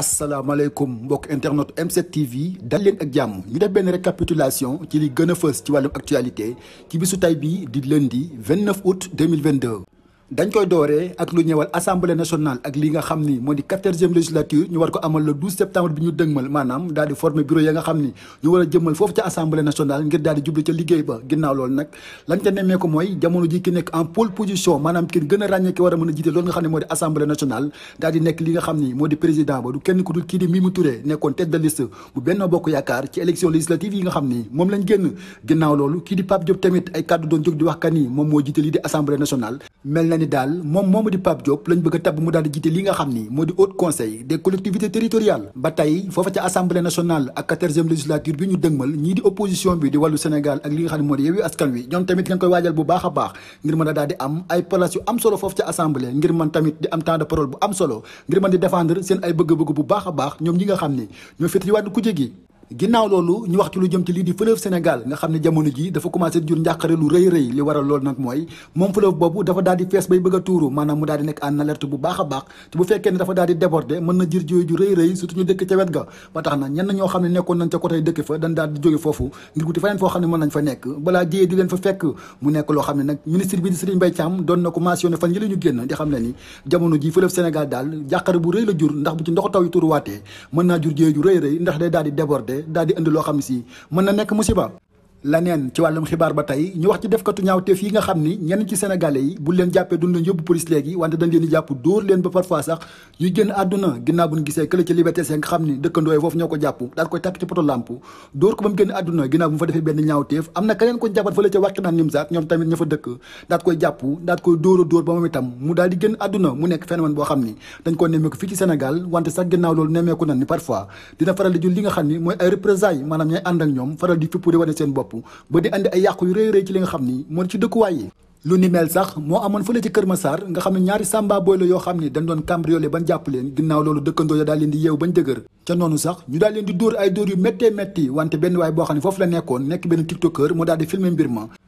asalaamaaleykum mbokk internet M7 TV dal leen ak jàmm ñu def benn récapitulation ci li gën a fës ci wàllum actualité ci bisu tay bi di lundi 29 août 2022 dañ koy dooree ak lu ñëwal assemblée nationale ak li nga xam ni moo di quatorzième législature ñu war ko amal le 12 septembre bi ñu a jëmmal foofu ca assemblée nationale ki nekk en pole position maanaam ki gën a ràññee ki war a mën a jiite loolu nga xam ne moo di assemblée moom lañ génn ginnaaw loolu kii di Pape Diop tamit ay kàddu doon jóg di wax kan moom moo jiite lii di assemblée nationale na ni daal moom moomu di Pape Diop lañ bëgg a tabb mu daal jiite li nga xam ni moo di haut conseil des collectivités territoriales ba tey foofa ca assemblée nationale ak quatorzième législature bi ñu dëgmal ñii di opposition bi di wàllu Sénégal ak li nga xam ne moo di Yewwi Askan Wi ñoom tamit ngeen koy waajal bu baax a baax ngir mën a am ay place yu am solo foofu ca assemblée ngir man tamit di am temps de parole bu am solo ngir mën di défendre seen ginnaaw loolu ñu wax ci lu jëm ci lii di fleuve Sénégal nga xam ne jamono jii dafa commencé jur njàqare lu rëy rëy li waral mooy moom boobu dafa a tuuru maanaam mu daal di a baax te bu fekkee ne dafa daal di déborder mën na jir jooy wet ga ba tax na ñoo xam ne nekkoon nañ ca côté dëkk fa dañ daal di jóge foofu ngir wuti feneen foo loo xam ne na ko mentionné fan yi la ñu génn di xam ne ni jamono ji fleuve Sénégal daal njàqare bu rëy la jur ndax bu ci ndox taw tuuruwaatee mën naa jur jooy ju rëy rëy ndax day daal di déborder jaxase daal di indi loo xam ne si mën na nekk musiba laneen ci wàllum xibaar ba tey ñu wax ci defkatu ñaawteef yi nga xam ni ñenn ci sénégalais yi bu leen jàppee duñ leen yóbbu police léegi wante dañ leen di jàpp dóor leen ba parfois sax ñu génn àdduna ginnaaw buñ gisee koy na keneen a dóor ba moom itam mu daal nemmeeku fii ci sénégal wante sax ginnaaw loolu nemmeeku nan ni parfois dina faral di jul li nga xam ni mooy ay représailles maanaam ñay ànd ak ñoom faral di fippu di wane seen bopp ba di andi ay yàqu yu rëy rëy ci li xam ni moo ci dëkkuwaay yi lu ni sax moo amoon fële ci Kër Massar nga xam ne ñaari samba boy la yoo xam ne dañ doon cambriolé ban jàpp leen ginnaaw loolu dëkkandoo ya daal leen di yeew bañ dëgër ca noonu sax ñu daal leen di dóor ay dóor yu méttee métti wante benn waay boo xam ne foofu la nekkoon nekk benn tiktokeur moo daal di filmer mbir ma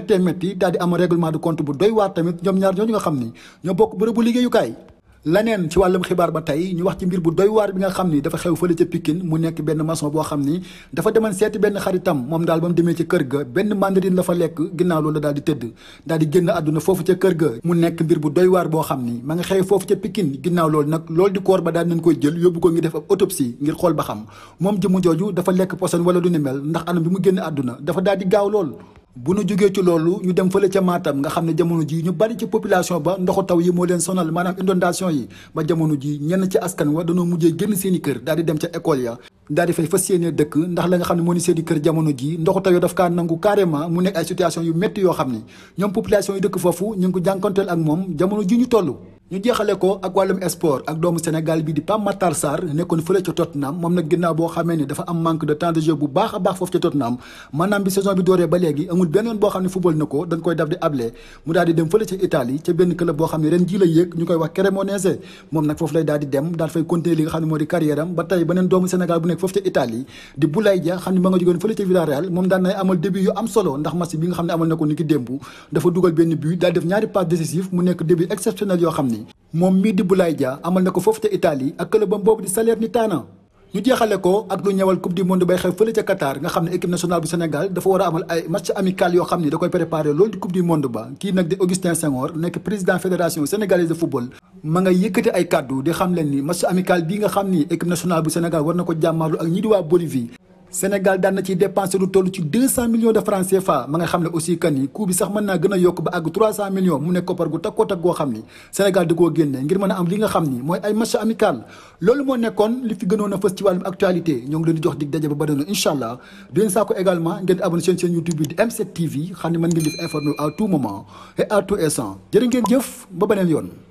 méttee métti daal di am règlement de compte bu doy waar tamit ñoom ñaar ñooñu nga xam ni ñoo bokk bërëbu liggéeyukaay laneen ci wàllum xibaar ba tey ñu wax ci mbir bu doy waar bi nga xam ni dafa xew fële ca Pikine mu nekk benn maçon boo xam ni dafa demoon seeti benn xaritam moom daal ba mu demee ca kër ga benn mandarine la fa lekk ginnaaw loolu la daal di tëdd daal di génn àdduna foofu ca kër ga mu nekk mbir bu doy waar boo xam ni ma nga xew foofu ca Pikine ginnaaw loolu nag loolu di koor ba daal nañ koy ko ngi def ab autopsie ngir xool ba dafa lekk poison wala du ni mel ndax anam bi mu génn àdduna dafa daal di gaaw lool bu nu jógee ci loolu ñu dem fële ca Matam nga xam ne jamono ji ñu bari ci population ba ndoxu taw yi moo leen sonal maanaam inondation yi ba jamono ji ñenn ci askan wa dañoo mujjee génn seeni kër daal di dem ca école ya daal di fay fas dëkk ndax la nga xam ne moo ni seeni kër jamono ji ndoxu taw yi daf kaa nangu carrément mu nekk ay situation yu métti yoo xam ne ñoom population yi dëkk foofu ñu ngi ko jànkonteel ak moom jamono ji ñu toll ñu jeexale ko ak wàllum sport ak doomu Sénégal bi di Pape Matar Sarr nekkoon fële ca Tottenham moom nag ginnaaw boo xamee ni dafa am manque de temps de jeu bu a baax foofu ca Tottenham maanaam bi saison bi dooree ba léegi amul ne football na ko dañ koy daf di able mu daal di dem fële ca Italie ca benn club boo nekk ma nga jógoon fële ca Villarreal moom daan amal début yu am solo ndax match bi nga xam ne amal na ni ki démb dafa dugal benn but daal def ñaari passe décisif mu nekk début exceptionnel yoo xam ne moom mii di Boulaye Dia amal na ko foofu ca Italie ak këlëbam boobu di Salernitana ñu jeexale ko ak lu ñëwal coupe du monde bay xew fële ca Qatar nga xam ne équipe nationale bu Sénégal dafa war a amal ay match amical yoo xam ne da koy préparé loolu di coupe du monde ba kii nag di Augustin Senghor nekk président fédération sénégalaise de football ma nga yëkkati ay kàddu di xam ne ni match amical bii nga xam ni équipe nationale bu Sénégal war na ko jàmmaarlu ak ñi di Sénégal daana ci ciy dépensé lu toll ci 200 millions de francs CFA ma nga xam ne aussi kan yi coût bi sax mën naa gën a yokk ba àgg 300 millions mu ne koppar gu takkoo takk goo xam ni Sénégal di koo génne ngir mën a am li nga xam ni mooy ay match amical loolu moo nekkoon li fi gënoon a fës ci wàllum actualité ñoo ngi leen di jox dig daje ba badano incha allah di leen saako également ngeen di abonné seen YouTube bi di m xam ne mën ngeen di informer à tout ngeen jëf ba beneen